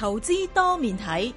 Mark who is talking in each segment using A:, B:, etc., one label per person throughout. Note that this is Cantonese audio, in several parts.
A: 投資多面
B: 睇，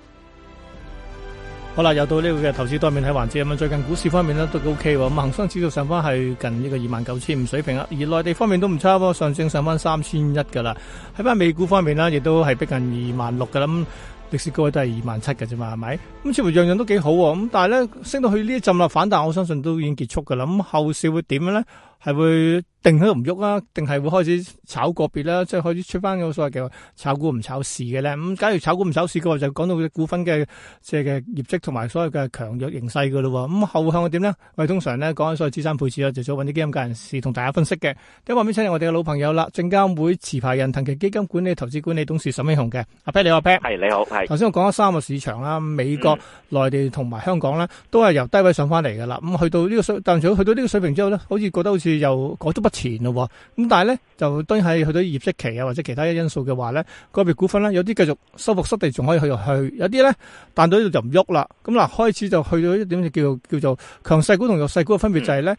B: 好啦，又到呢個嘅投資多面睇環節。咁啊，最近股市方面咧都 OK 喎。咁恒生指數上翻係近呢個二萬九千五水平啦。而內地方面都唔差喎，上證上翻三千一噶啦。喺翻美股方面咧，亦都係逼近二萬六噶啦。咁歷史高位都係二萬七噶啫嘛，係咪？咁似乎樣樣都幾好喎。咁但係咧，升到去呢一陣啦，反彈我相信都已經結束噶啦。咁後市會點樣咧？係會？定喺度唔喐啦？定係會開始炒個別啦、啊，即係開始出翻嘅所謂嘅炒股唔炒市嘅咧。咁、嗯、假如炒股唔炒市嘅話，就講、是、到隻股份嘅即係嘅業績同埋所謂嘅強弱形勢噶啦。咁、嗯、後向點咧？我哋通常咧講緊所謂資產配置啦，就想揾啲基金界人士同大家分析嘅。喺畫面左側我哋嘅老朋友啦，證監會持牌人騰祺基金管理投資管理董事沈慶洪嘅。阿 Pat，你好，Pat。係你好，係。頭先我講咗三個市場啦，美國、內、嗯、地同埋香港啦，都係由低位上翻嚟噶啦。咁、嗯、去到呢個水，但係如果去到呢個水平之後咧，好似覺得好似又我都不。前咯，咁但係咧就當然係去到業績期啊，或者其他嘅因素嘅話咧，個別股份咧有啲繼續收復失地，仲可以去入去；有啲咧彈到呢度就唔喐啦。咁、嗯、嗱，開始就去到一點就叫叫做強勢股同弱勢股嘅分別就係咧。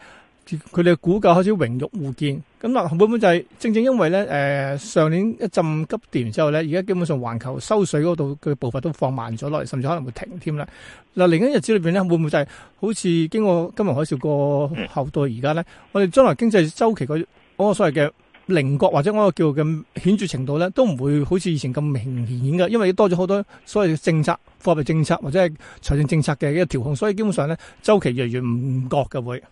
B: 佢哋嘅估價開始榮辱互見，咁嗱，會唔會就係正正因為咧？誒、呃，上年一浸急跌之後咧，而家基本上環球收水嗰度，嘅步伐都放慢咗落嚟，甚至可能會停添啦。嗱，另一日子裏邊咧，會唔會就係、是、好似經過金融海嘯過後到而家咧，我哋將來經濟周期嘅嗰個所謂嘅稜角或者嗰個叫嘅顯著程度咧，都唔會好似以前咁明顯嘅，因為多咗好多所謂嘅政策、貨幣政策或者係財政政策嘅一個調控，所以基本上咧周期越嚟越唔覺嘅會。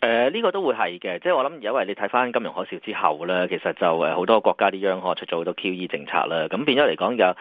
A: 誒呢個都會係嘅，即係我諗，因為你睇翻金融海嘯之後咧，其實就誒好多國家啲央行出咗好多 QE 政策啦，咁變咗嚟講就誒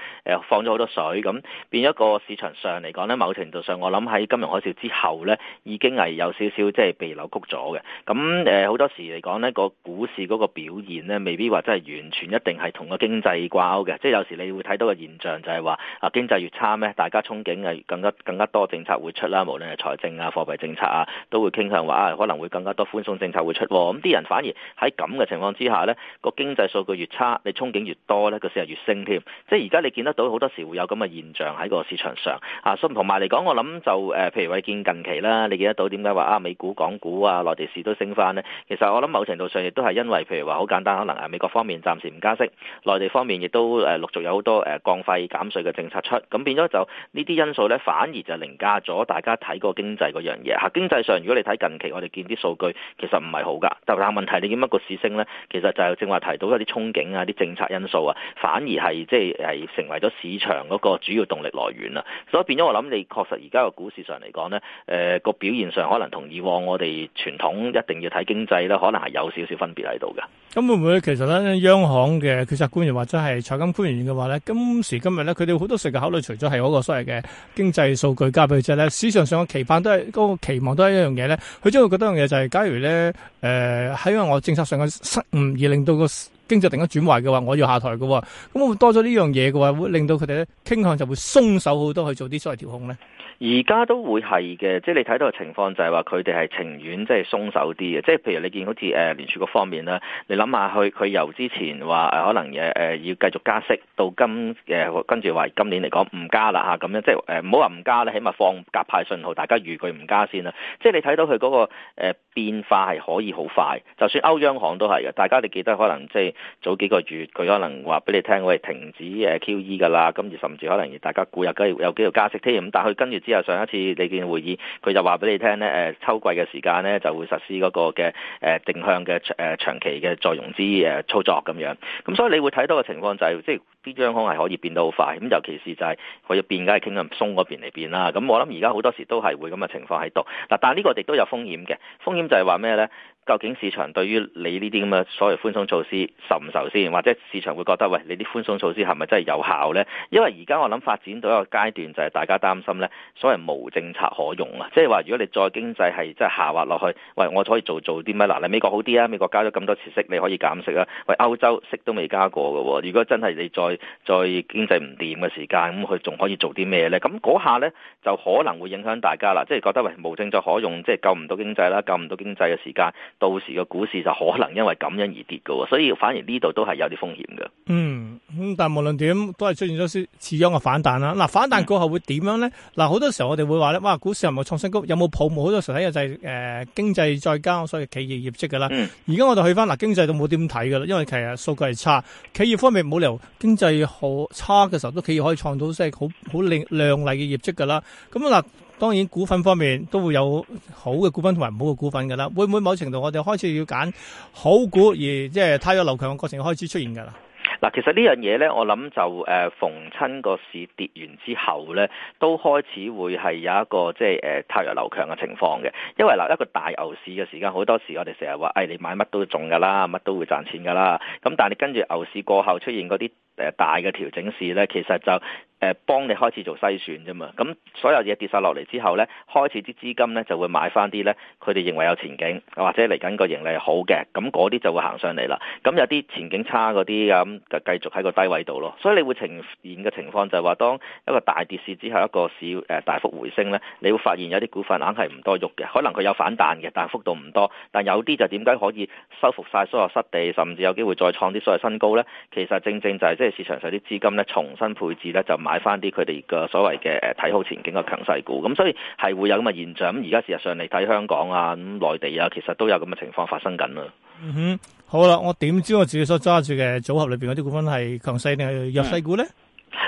A: 放咗好多水，咁變咗個市場上嚟講咧，某程度上我諗喺金融海嘯之後咧，已經係有少少即係被扭曲咗嘅。咁誒好多時嚟講呢，個股市嗰個表現咧，未必話真係完全一定係同個經濟掛鈎嘅。即係有時你會睇到個現象就係話啊，經濟越差咧，大家憧憬係更加更加多政策會出啦，無論係財政啊、貨幣政策啊，都會傾向話啊，可能會，更加多寬鬆政策會出，咁啲人反而喺咁嘅情況之下呢、呢個經濟數據越差，你憧憬越多呢個市又越升添。即係而家你見得到好多時會有咁嘅現象喺個市場上啊。咁同埋嚟講，我諗就誒，譬如我見近期啦，你見得到點解話啊，美股、港股啊、內地市都升翻呢？其實我諗某程度上亦都係因為，譬如話好簡單，可能係美國方面暫時唔加息，內地方面亦都誒陸續有好多誒降費減稅嘅政策出，咁變咗就呢啲因素呢，反而就凌駕咗大家睇個經濟嗰樣嘢。嚇、啊，經濟上如果你睇近期，我哋見啲。數據其實唔係好㗎，但但問題你點解個市升咧？其實就係正話提到一啲憧憬啊、啲政策因素啊，反而係即係係成為咗市場嗰個主要動力來源啊。所以變咗我諗，你確實而家個股市上嚟講咧，誒、呃、個表現上可能同以往我哋傳統一定要睇經濟咧，可能係有少少分別喺度㗎。咁
B: 會唔會其實咧，央行嘅決策官員或者係財金官員嘅話咧，今時今日咧，佢哋好多時嘅考慮，除咗係嗰個所謂嘅經濟數據加俾之後咧，市場上嘅期盼都係嗰、嗰個期望都係一樣嘢咧，佢將會覺得一樣嘢。就係假如咧，誒、呃，係因為我政策上嘅失誤而令到個經濟突然間轉壞嘅話，我要下台嘅喎、哦，咁我會多咗呢樣嘢嘅話，會令到佢哋咧傾向就會鬆手好多去做啲所謂調控咧。
A: 而家都會係嘅，即係你睇到嘅情況就係話佢哋係情願即係鬆手啲嘅，即係譬如你見好似誒聯儲嗰方面啦，你諗下佢佢由之前話誒可能誒誒要繼續加息到今誒跟住話今年嚟講唔加啦嚇咁樣，即係誒唔好話唔加咧，起碼放鴿派信號，大家預佢唔加先啦。即係你睇到佢嗰個誒變化係可以好快，就算歐央行都係嘅。大家你記得可能即係早幾個月佢可能話俾你聽，我哋停止誒 QE 㗎啦，咁而甚至可能大家估又繼續有機會加息添。咁但係佢跟住。之後上一次你健會議，佢就話俾你聽咧，誒、呃、秋季嘅時間咧就會實施嗰個嘅誒、呃、定向嘅誒、呃、長期嘅再融資誒操作咁樣。咁所以你會睇到嘅情況就係，是，即係啲央行係可以變得好快。咁尤其是就係佢要變，梗係傾緊鬆嗰邊嚟變啦。咁我諗而家好多時都係會咁嘅情況喺度。嗱，但係呢個亦都有風險嘅，風險就係話咩咧？究竟市場對於你呢啲咁嘅所謂寬鬆措施受唔受先？或者市場會覺得喂，你啲寬鬆措施係咪真係有效呢？因為而家我諗發展到一個階段，就係大家擔心呢所謂無政策可用啊！即係話，如果你再經濟係即係下滑落去，喂，我可以做做啲咩？嗱，你美國好啲啊，美國加咗咁多次息，你可以減息啊。喂，歐洲息都未加過嘅喎，如果真係你再再經濟唔掂嘅時間，咁佢仲可以做啲咩呢？咁嗰下呢，就可能會影響大家啦，即係覺得喂，無政策可用，即係救唔到經濟啦，救唔到經濟嘅時間。到時個股市就可能因為咁樣而跌嘅，所以反而呢度都係有啲風險嘅、嗯。
B: 嗯，咁但係無論點都係出現咗次次樣嘅反彈啦。嗱，反彈過後會點樣咧？嗱，好多時候我哋會話咧，哇，股市係咪創新高？有冇泡沫？好多時候睇就係、是、誒、呃、經濟再加，所謂企業業績嘅、嗯、啦。而家我哋去翻嗱，經濟都冇點睇噶啦，因為其實數據係差。企業方面冇理由經濟好差嘅時候都企業可以創到即係好好靚亮麗嘅業績噶啦。咁嗱。當然股份方面都會有好嘅股份同埋唔好嘅股份㗎啦。會唔會某程度我哋開始要揀好股，而即係太弱流強嘅過程開始出現㗎啦？
A: 嗱，其實呢樣嘢呢，我諗就誒逢親個市跌完之後呢，都開始會係有一個即係誒汰弱留強嘅情況嘅。因為嗱一個大牛市嘅時間，好多時我哋成日話誒你買乜都中㗎啦，乜都會賺錢㗎啦。咁但係你跟住牛市過後出現嗰啲誒大嘅調整市呢，其實就～誒幫你開始做篩選啫嘛，咁所有嘢跌晒落嚟之後呢，開始啲資金呢就會買翻啲呢，佢哋認為有前景或者嚟緊個盈利好嘅，咁嗰啲就會行上嚟啦。咁有啲前景差嗰啲咁就繼續喺個低位度咯。所以你會呈現嘅情況就係話，當一個大跌市之後一個市誒大幅回升呢，你會發現有啲股份硬係唔多喐嘅，可能佢有反彈嘅，但幅度唔多。但有啲就點解可以收復晒所有失地，甚至有機會再創啲所謂新高呢？其實正正就係即係市場上啲資金呢重新配置呢，就買買翻啲佢哋嘅所謂嘅誒睇好前景嘅強勢股，咁所以係會有咁嘅現象。咁而家事實上你睇香港啊，咁內地啊，其實都有咁嘅情況發生緊啊。嗯哼，
B: 好啦，我點知我自己所揸住嘅組合裏邊嗰啲股份係強勢定係弱勢股呢？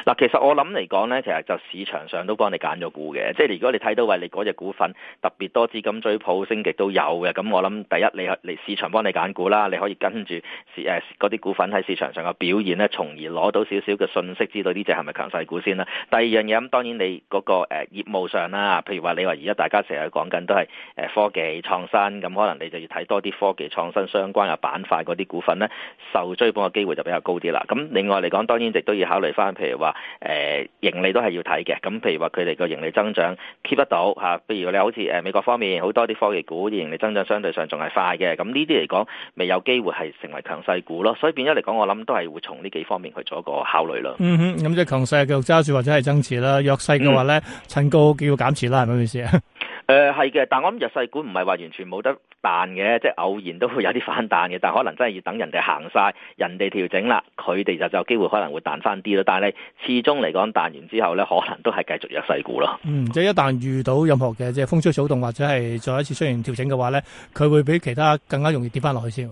A: 嗱，其實我諗嚟講咧，其實就市場上都幫你揀咗股嘅。即係如果你睇到話你嗰隻股份特別多資金追捧，升極都有嘅，咁我諗第一，你係嚟市場幫你揀股啦，你可以跟住市嗰啲、呃、股份喺市場上嘅表現咧，從而攞到少少嘅信息，知道呢隻係咪強勢股先啦。第二樣嘢咁，當然你嗰、嗰個誒、呃、業務上啦，譬如話你話而家大家成日講緊都係誒科技創新，咁可能你就要睇多啲科技創新相關嘅板塊嗰啲股份咧，受追捧嘅機會就比較高啲啦。咁另外嚟講，當然亦都要考慮翻譬如。話誒，盈利都係要睇嘅，咁譬如話佢哋個盈利增長 keep 得到吓，譬如你好似誒美國方面好多啲科技股啲盈利增長相對上仲係快嘅，咁呢啲嚟講未有機會係成為強勢股咯，所以變咗嚟講，我諗都係會從呢幾方面去做一個考慮咯。嗯哼，
B: 咁即係強勢嘅繼續揸住或者係增持啦，弱勢嘅話咧、嗯、趁高叫，要減持啦，係咪意思啊？
A: 誒、呃，係嘅，但我諗弱勢股唔係話完全冇得。彈嘅，即係偶然都會有啲反彈嘅，但可能真係要等人哋行晒，人哋調整啦，佢哋就就有機會可能會彈翻啲咯。但係始終嚟講，彈完之後咧，可能都係繼續有細故咯。嗯，
B: 即係一旦遇到任何嘅即係風吹草動或者係再一次出現調整嘅話咧，佢會比其他更加容易跌翻落去先。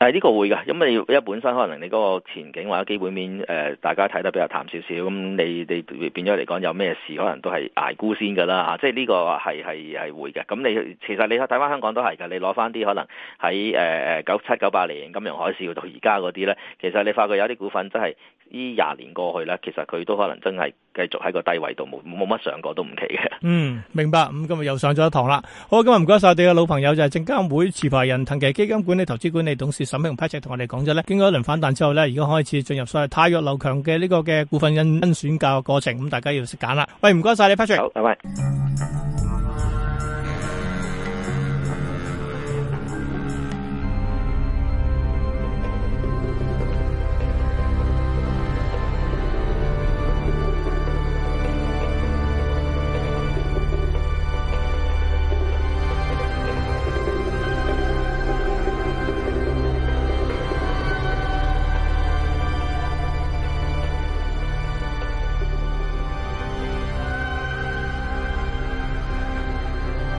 A: 但係呢個會嘅，因為一本身可能你嗰個前景或者基本面，誒、呃、大家睇得比較淡少少，咁、嗯、你你變咗嚟講有咩事，可能都係捱沽先嘅啦嚇。即係呢個係係係會嘅。咁、嗯、你其實你睇翻香港都係嘅，你攞翻啲可能喺誒誒九七九八年金融海嘯到而家嗰啲咧，其實你發覺有啲股份真係。呢廿年過去咧，其實佢都可能真係繼續喺個低位度冇冇乜上過都唔奇
B: 嘅。嗯，明白。咁、嗯、今日又上咗一堂啦。好，今日唔該晒我哋嘅老朋友就係、是、證監會持牌人騰祺基金管理投資管理董事沈明 Patrick 同我哋講咗咧，經過一輪反彈之後咧，而家開始進入所謂汰弱留強嘅呢個嘅股份甄甄選嘅過程。咁、嗯、大家要識揀啦。喂，唔該晒你 Patrick。好，拜拜。